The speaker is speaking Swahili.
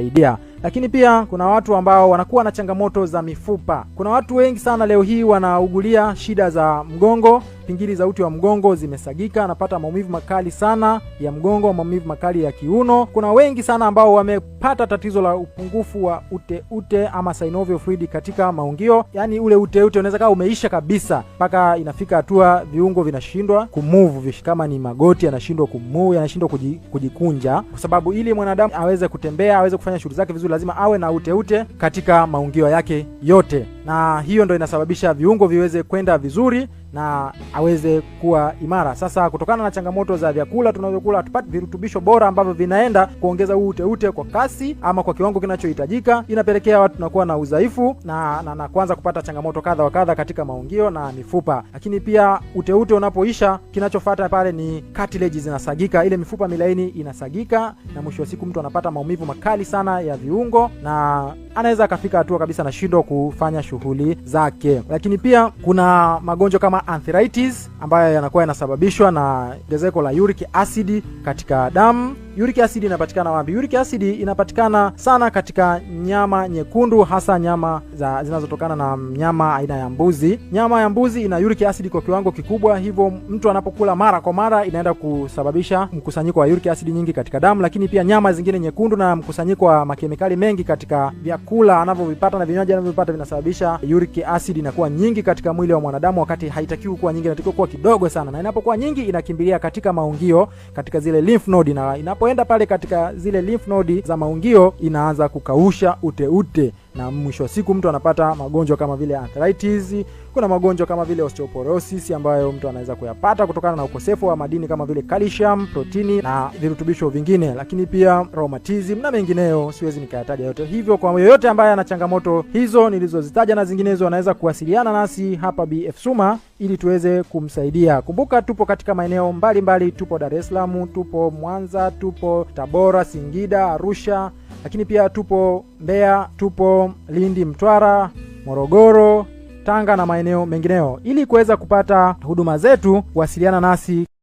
kusaidia. Lakini pia kuna watu ambao wanakuwa na changamoto za mifupa. Kuna watu wengi sana leo hii wanaugulia shida za mgongo pingili za uti wa mgongo zimesagika, anapata maumivu makali sana ya mgongo, maumivu makali ya kiuno. Kuna wengi sana ambao wamepata tatizo la upungufu wa uteute ute ama synovial fluid katika maungio, yani ule uteute unaweza kaa umeisha kabisa, mpaka inafika hatua viungo vinashindwa kumuvu, kama ni magoti yanashindwa kumove, yanashindwa kujikunja, kwa sababu ili mwanadamu aweze kutembea, aweze kufanya shughuli zake vizuri, lazima awe na uteute ute katika maungio yake yote, na hiyo ndo inasababisha viungo viweze kwenda vizuri na aweze kuwa imara. Sasa kutokana na changamoto za vyakula tunavyokula, hatupati virutubisho bora ambavyo vinaenda kuongeza huu uteute kwa kasi ama kwa kiwango kinachohitajika, inapelekea watu tunakuwa na udhaifu na, na, na kuanza kupata changamoto kadha wa kadha katika maungio na mifupa. Lakini pia uteute unapoisha, kinachofuata pale ni cartilage zinasagika, ile mifupa milaini inasagika, na mwisho wa siku mtu anapata maumivu makali sana ya viungo na anaweza akafika hatua kabisa anashindwa kufanya shughuli zake. Lakini pia kuna magonjwa kama anthritis ambayo yanakuwa yanasababishwa na ongezeko la uric acid katika damu Uric acid inapatikana wapi? Uric acid inapatikana sana katika nyama nyekundu, hasa nyama za zinazotokana na nyama aina ya mbuzi. Nyama ya mbuzi ina uric acid kwa kiwango kikubwa, hivyo mtu anapokula mara kwa mara inaenda kusababisha mkusanyiko wa uric acid nyingi katika damu, lakini pia nyama zingine nyekundu na mkusanyiko wa makemikali mengi katika vyakula anavyovipata na vinywaji anavyovipata vinasababisha uric acid inakuwa nyingi katika mwili wa mwanadamu, wakati haitakiwi kuwa nyingi, inatakiwa kuwa kidogo sana, na inapokuwa nyingi inakimbilia katika maungio, katika zile lymph node na inapo inapoenda pale katika zile lymph node za maungio inaanza kukausha uteute ute na mwisho wa siku mtu anapata magonjwa kama vile arthritis. Kuna magonjwa kama vile osteoporosis ambayo mtu anaweza kuyapata kutokana na ukosefu wa madini kama vile calcium, protini na virutubisho vingine, lakini pia rheumatism na mengineyo, siwezi nikayataja yote. Hivyo kwa yoyote ambaye ana changamoto hizo nilizozitaja na zinginezo, anaweza kuwasiliana nasi hapa BF Suma ili tuweze kumsaidia. Kumbuka tupo katika maeneo mbalimbali, tupo Dar es Salaam, tupo Mwanza, tupo Tabora, Singida, Arusha lakini pia tupo Mbeya, tupo Lindi, Mtwara, Morogoro, Tanga na maeneo mengineo Ili kuweza kupata huduma zetu, wasiliana nasi.